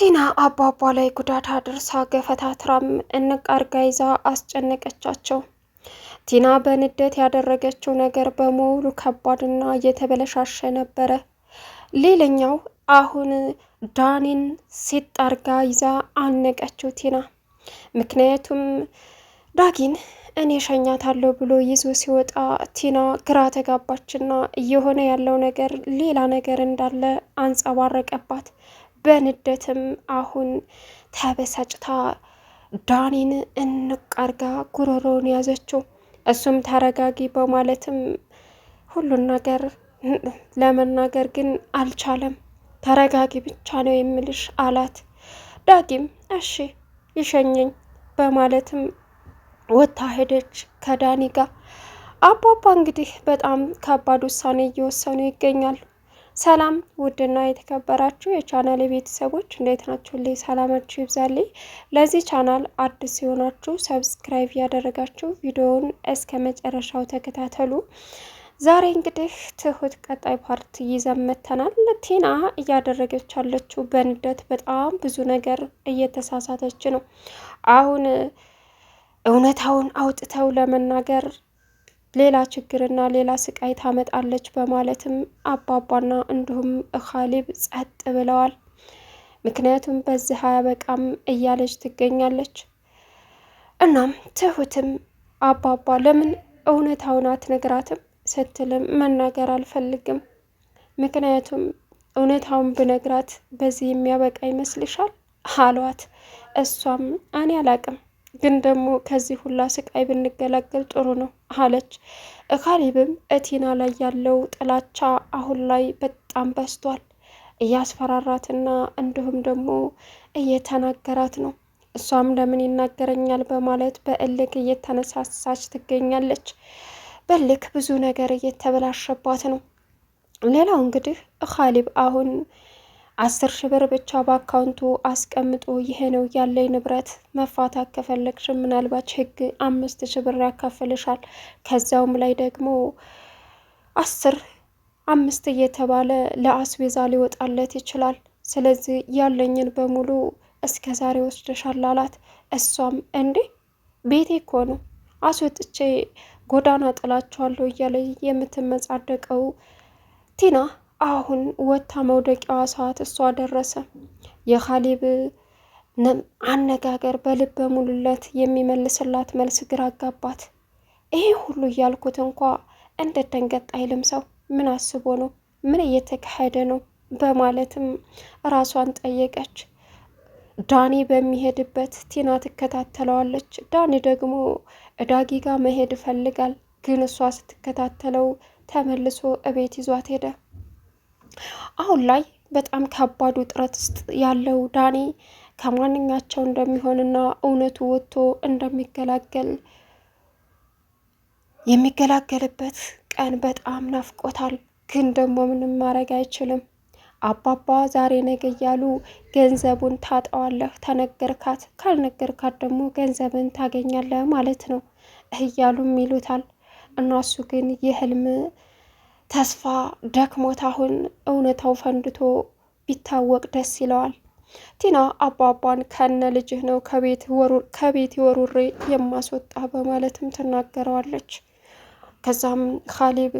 ቲና አባባ ላይ ጉዳት አድርሳ ገፈታ ትራም እንቃርጋ ይዛ አስጨነቀቻቸው። ቲና በንዴት ያደረገችው ነገር በሙሉ ከባድና እየተበለሻሸ ነበረ። ሌላኛው አሁን ዳኒን ሲጣርጋ አርጋ ይዛ አነቀችው ቲና። ምክንያቱም ዳጊን እኔ ሸኛታለሁ ብሎ ይዞ ሲወጣ ቲና ግራ ተጋባችና እየሆነ ያለው ነገር ሌላ ነገር እንዳለ አንጸባረቀባት። በንደትም አሁን ተበሳጭታ ዳኒን እንቃርጋ ጉሮሮውን ያዘችው። እሱም ተረጋጊ በማለትም ሁሉን ነገር ለመናገር ግን አልቻለም። ተረጋጊ ብቻ ነው የምልሽ አላት። ዳጊም እሺ ይሸኘኝ በማለትም ወታ ሄደች ከዳኒ ጋር። አባባ እንግዲህ በጣም ከባድ ውሳኔ እየወሰኑ ይገኛል። ሰላም ውድና የተከበራችሁ የቻናል የቤተሰቦች እንዴት ናችሁ? ልይ ሰላማችሁ ይብዛልኝ። ለዚህ ቻናል አዲስ ሲሆናችሁ ሰብስክራይብ ያደረጋችሁ ቪዲዮውን እስከ መጨረሻው ተከታተሉ። ዛሬ እንግዲህ ትሁት ቀጣይ ፓርት ይዘን መጥተናል። ቲና እያደረገች ያለችው በንደት በጣም ብዙ ነገር እየተሳሳተች ነው። አሁን እውነታውን አውጥተው ለመናገር ሌላ ችግርና ሌላ ስቃይ ታመጣለች በማለትም አባባና እንዲሁም ካሌብ ጸጥ ብለዋል። ምክንያቱም በዚህ አያበቃም እያለች ትገኛለች። እናም ትሁትም አባባ ለምን እውነታውን አትነግራትም ስትልም መናገር አልፈልግም፣ ምክንያቱም እውነታውን ብነግራት በዚህ የሚያበቃ ይመስልሻል አሏት። እሷም እኔ አላቅም ግን ደግሞ ከዚህ ሁላ ስቃይ ብንገላገል ጥሩ ነው አለች። ካሌብም እቲና ላይ ያለው ጥላቻ አሁን ላይ በጣም በስቷል። እያስፈራራትና እንዲሁም ደግሞ እየተናገራት ነው። እሷም ለምን ይናገረኛል በማለት በእልክ እየተነሳሳች ትገኛለች። በልክ ብዙ ነገር እየተበላሸባት ነው። ሌላው እንግዲህ ካሌብ አሁን አስር ሺ ብር ብቻ በአካውንቱ አስቀምጦ ይሄ ነው ያለኝ ንብረት፣ መፋታት ከፈለግሽ ምናልባት ህግ አምስት ሺ ብር ያካፍልሻል፣ ከዛውም ላይ ደግሞ አስር አምስት እየተባለ ለአስቤዛ ሊወጣለት ይችላል። ስለዚህ ያለኝን በሙሉ እስከ ዛሬ ወስደሻል አላት። እሷም እንዴ ቤቴ እኮ ነው አስወጥቼ ጎዳና ጥላቸዋለሁ እያለ የምትመጻደቀው ቲና አሁን ወታ መውደቂያዋ ሰዓት እሷ ደረሰ። የኻሊብ አነጋገር በልበ ሙሉለት የሚመልስላት መልስ ግራ አጋባት። ይሄ ሁሉ እያልኩት እንኳ እንደ ደንገጥ አይልም ሰው ምን አስቦ ነው? ምን እየተካሄደ ነው? በማለትም ራሷን ጠየቀች። ዳኒ በሚሄድበት ቲና ትከታተለዋለች። ዳኒ ደግሞ ዳጊ ጋር መሄድ ይፈልጋል፣ ግን እሷ ስትከታተለው ተመልሶ እቤት ይዟት ሄደ። አሁን ላይ በጣም ከባድ ውጥረት ውስጥ ያለው ዳኒ ከማንኛቸው እንደሚሆንና እውነቱ ወጥቶ እንደሚገላገል የሚገላገልበት ቀን በጣም ናፍቆታል። ግን ደግሞ ምንም ማድረግ አይችልም። አባባ ዛሬ ነገ እያሉ ገንዘቡን ታጣዋለህ፣ ተነገርካት፣ ካልነገርካት ደግሞ ገንዘብን ታገኛለህ ማለት ነው እያሉም ይሉታል። እናሱ ግን የህልም ተስፋ ደክሞት አሁን እውነታው ፈንድቶ ቢታወቅ ደስ ይለዋል። ቲና አባባን ከነ ልጅህ ነው ከቤት ወሩሬ የማስወጣ በማለትም ትናገረዋለች። ከዛም ካሌብ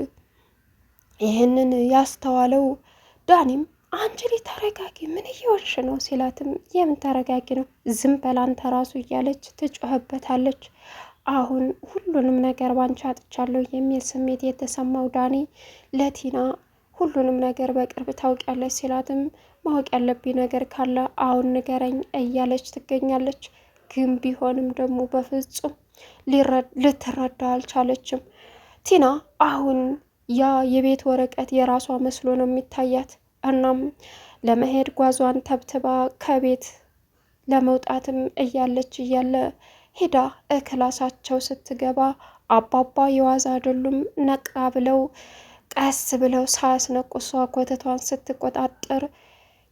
ይህንን ያስተዋለው ዳኒም አንቺ ተረጋጊ፣ ምን እየወሽ ነው ሲላትም የምን ተረጋጊ ነው ዝም በላንተ ራሱ እያለች ትጮህበታለች። አሁን ሁሉንም ነገር ባንቺ አጥቻለሁ የሚል ስሜት የተሰማው ዳኒ ለቲና ሁሉንም ነገር በቅርብ ታውቂያለች ሲላትም ማወቅ ያለብኝ ነገር ካለ አሁን ንገረኝ እያለች ትገኛለች። ግን ቢሆንም ደግሞ በፍጹም ልትረዳ አልቻለችም። ቲና አሁን ያ የቤት ወረቀት የራሷ መስሎ ነው የሚታያት። እናም ለመሄድ ጓዟን ተብትባ ከቤት ለመውጣትም እያለች እያለ ሄዳ እክላሳቸው ስትገባ አባባ የዋዛ አይደሉም ነቃ ብለው ቀስ ብለው ሳያስነቁሷ ኮተቷን ስትቆጣጠር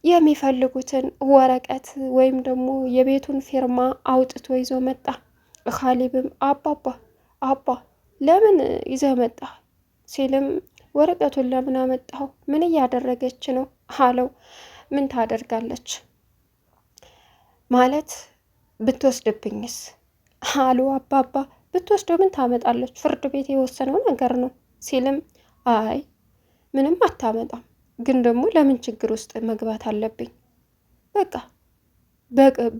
የሚፈልጉትን ወረቀት ወይም ደግሞ የቤቱን ፊርማ አውጥቶ ይዞ መጣ። ካሊብም አባባ አባ ለምን ይዘ መጣ ሲልም ወረቀቱን ለምን አመጣው? ምን እያደረገች ነው አለው። ምን ታደርጋለች ማለት ብትወስድብኝስ አሉ አባባ። ብትወስደው ምን ታመጣለች? ፍርድ ቤት የወሰነው ነገር ነው ሲልም አይ ምንም አታመጣም፣ ግን ደግሞ ለምን ችግር ውስጥ መግባት አለብኝ? በቃ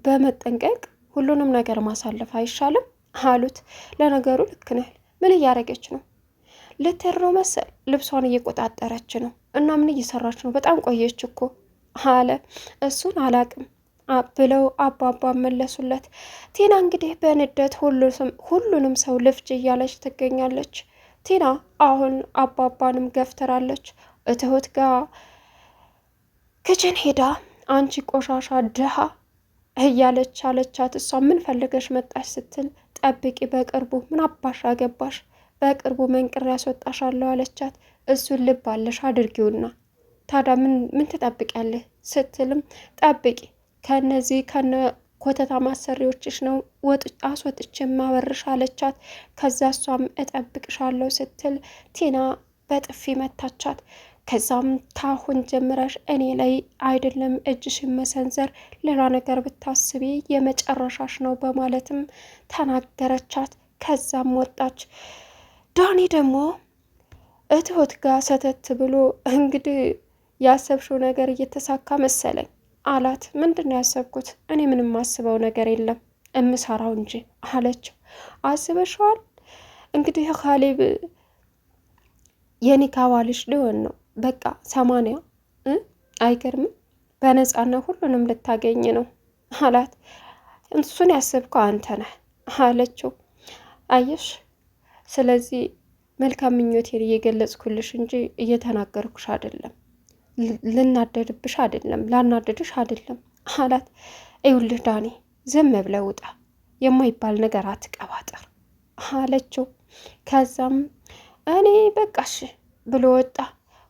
በመጠንቀቅ ሁሉንም ነገር ማሳለፍ አይሻልም አሉት። ለነገሩ ልክ ነህ። ምን እያደረገች ነው? ልትሄድ ነው መሰል። ልብሷን እየቆጣጠረች ነው እና ምን እየሰራች ነው? በጣም ቆየች እኮ አለ። እሱን አላቅም ብለው አባባ መለሱለት። ቲና እንግዲህ በንደት ሁሉንም ሰው ልፍጅ እያለች ትገኛለች። ቲና አሁን አባባንም ገፍትራለች። እትሁት ጋር ክችን ሄዳ አንቺ ቆሻሻ ድሃ እያለች አለቻት። እሷ ምን ፈልገሽ መጣሽ ስትል ጠብቂ፣ በቅርቡ ምን አባሽ አገባሽ፣ በቅርቡ መንቅር ያስወጣሻለሁ አለቻት። እሱን ልብ አለሽ አድርጊውና ታዲያ ምን ምን ትጠብቂያለሽ ስትልም ጠብቂ ከነዚህ ከነ ኮተታ ማሰሪዎችሽ ነው አስወጥቼ ማበርሽ አለቻት። ከዛ እሷም እጠብቅሻለሁ ስትል ቲና በጥፊ መታቻት። ከዛም ታሁን ጀምረሽ እኔ ላይ አይደለም እጅሽን መሰንዘር ሌላ ነገር ብታስቢ የመጨረሻሽ ነው በማለትም ተናገረቻት። ከዛም ወጣች። ዳኒ ደግሞ እትሆት ጋር ሰተት ብሎ እንግዲህ ያሰብሽው ነገር እየተሳካ መሰለኝ አላት። ምንድን ነው ያሰብኩት? እኔ ምንም ማስበው ነገር የለም እምሰራው እንጂ አለችው። አስበሽዋል? እንግዲህ ካሌብ የኒካ ባልሽ ሊሆን ነው። በቃ ሰማንያ አይገርምም? በነፃነት ሁሉንም ልታገኝ ነው አላት። እሱን ያስብከው አንተ ነህ አለችው። አየሽ፣ ስለዚህ መልካም ምኞቴን እየገለጽኩልሽ እንጂ እየተናገርኩሽ አይደለም። ልናደድብሽ አይደለም ላናደድሽ አይደለም አላት። እዩልህ ዳኒ ዝም ብለህ ውጣ፣ የማይባል ነገር አትቀባጥር አለችው። ከዛም እኔ በቃሽ ብሎ ወጣ።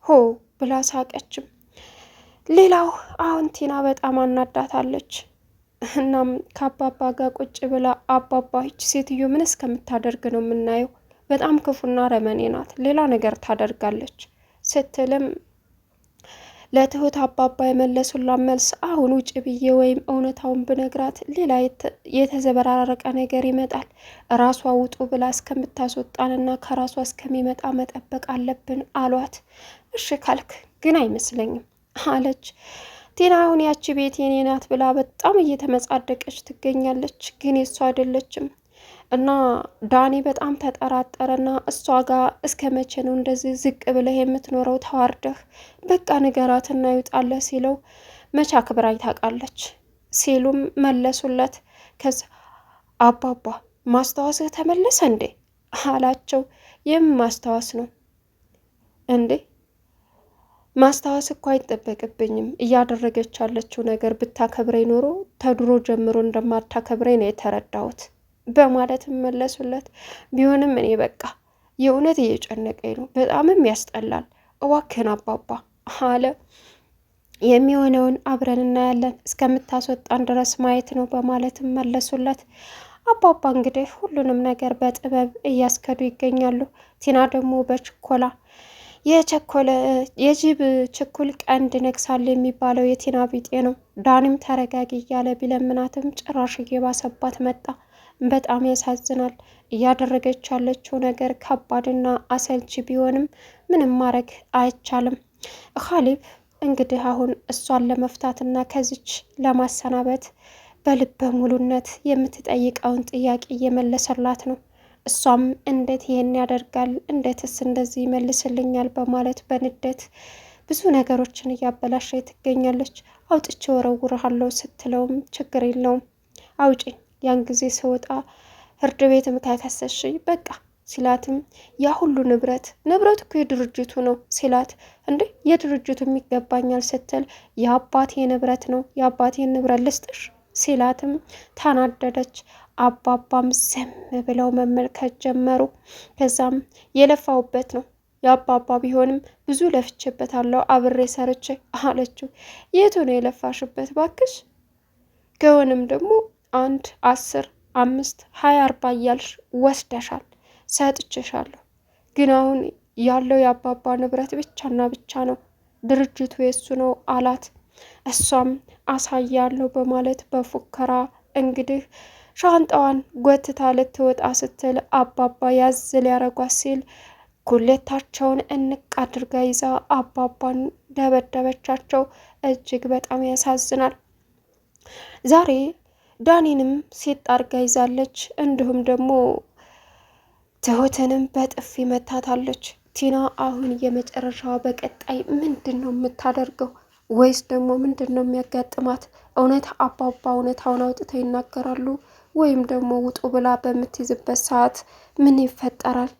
ሆ ብላ ሳቀችም። ሌላው አሁን ቲና በጣም አናዳታለች። እናም ከአባባ ጋር ቁጭ ብላ አባባ ይች ሴትዮ ምን እስከምታደርግ ነው የምናየው? በጣም ክፉና ረመኔ ናት፣ ሌላ ነገር ታደርጋለች ስትልም ለትሁት አባባ የመለሱላት መልስ አሁን ውጭ ብዬ ወይም እውነታውን ብነግራት ሌላ የተዘበራረቀ ነገር ይመጣል። ራሷ ውጡ ብላ እስከምታስወጣንና ከራሷ እስከሚመጣ መጠበቅ አለብን አሏት። እሺ ካልክ ግን አይመስለኝም አለች ቲና። አሁን ያቺ ቤት የኔ ናት ብላ በጣም እየተመጻደቀች ትገኛለች፣ ግን የሷ አይደለችም። እና ዳኒ በጣም ተጠራጠረና እሷ ጋር እስከ መቼ ነው እንደዚህ ዝቅ ብለህ የምትኖረው ተዋርደህ በቃ ንገራት እና ይውጣለህ ሲለው መቼ አክብራኝ ታውቃለች ሲሉም መለሱለት። ከዛ አባባ ማስታወስህ ተመለሰ እንዴ አላቸው። ይህም ማስታወስ ነው እንዴ ማስታወስ እኮ አይጠበቅብኝም። እያደረገች ያለችው ነገር ብታከብረኝ ኖሮ ተድሮ ጀምሮ እንደማታከብረኝ ነው የተረዳሁት። በማለት መለሱለት። ቢሆንም እኔ በቃ የእውነት እየጨነቀኝ ነው፣ በጣምም ያስጠላል፣ እዋክን አባባ አለ። የሚሆነውን አብረን እናያለን፣ እስከምታስወጣን ድረስ ማየት ነው በማለትም መለሱለት። አባባ እንግዲህ ሁሉንም ነገር በጥበብ እያስከዱ ይገኛሉ። ቲና ደግሞ በችኮላ የቸኮለ የጅብ ችኩል ቀንድ ነግሳል የሚባለው የቲና ቢጤ ነው። ዳንም ተረጋጊ እያለ ቢለምናትም ጭራሽ እየባሰባት መጣ። በጣም ያሳዝናል። እያደረገች ያለችው ነገር ከባድና አሰልቺ ቢሆንም ምንም ማድረግ አይቻልም። ኻሊብ እንግዲህ አሁን እሷን ለመፍታትና ከዚች ለማሰናበት በልበ ሙሉነት የምትጠይቀውን ጥያቄ እየመለሰላት ነው። እሷም እንዴት ይሄን ያደርጋል፣ እንዴትስ እንደዚህ ይመልስልኛል በማለት በንዴት ብዙ ነገሮችን እያበላሸ ትገኛለች። አውጥቼ ወረውርሃለሁ ስትለውም ችግር የለውም አውጪ ያን ጊዜ ስወጣ ፍርድ ቤት ካከሰሽኝ በቃ ሲላትም ያ ሁሉ ንብረት ንብረት እኮ የድርጅቱ ነው ሲላት፣ እንዴ የድርጅቱ የሚገባኛል ስትል የአባቴ ንብረት ነው የአባቴን ንብረት ልስጥሽ ሲላትም ታናደደች። አባባም ዝም ብለው መመልከት ጀመሩ። ከዛም የለፋውበት ነው የአባባ ቢሆንም ብዙ ለፍቼበታለሁ አብሬ ሰርቼ አለችው። የቱ ነው የለፋሽበት ባክሽ? ከሆንም ደግሞ አንድ አስር አምስት ሀያ አርባ እያልሽ ወስደሻል፣ ሰጥቼሻለሁ። ግን አሁን ያለው የአባባ ንብረት ብቻና ብቻ ነው፣ ድርጅቱ የሱ ነው አላት። እሷም አሳያለሁ በማለት በፉከራ እንግዲህ ሻንጣዋን ጎትታ ልትወጣ ስትል አባባ ያዝ ሊያረጓት ሲል ኩሌታቸውን እንቅ አድርጋ ይዛ አባባን ደበደበቻቸው። እጅግ በጣም ያሳዝናል። ዛሬ ዳኒንም ሴት ጣርጋ ይዛለች። እንዲሁም ደግሞ ትሁትንም በጥፊ መታታለች። ቲና አሁን የመጨረሻዋ በቀጣይ ምንድን ነው የምታደርገው? ወይስ ደግሞ ምንድን ነው የሚያጋጥማት? እውነት አባባ እውነታውን አውጥተው ይናገራሉ ወይም ደግሞ ውጡ ብላ በምትይዝበት ሰዓት ምን ይፈጠራል?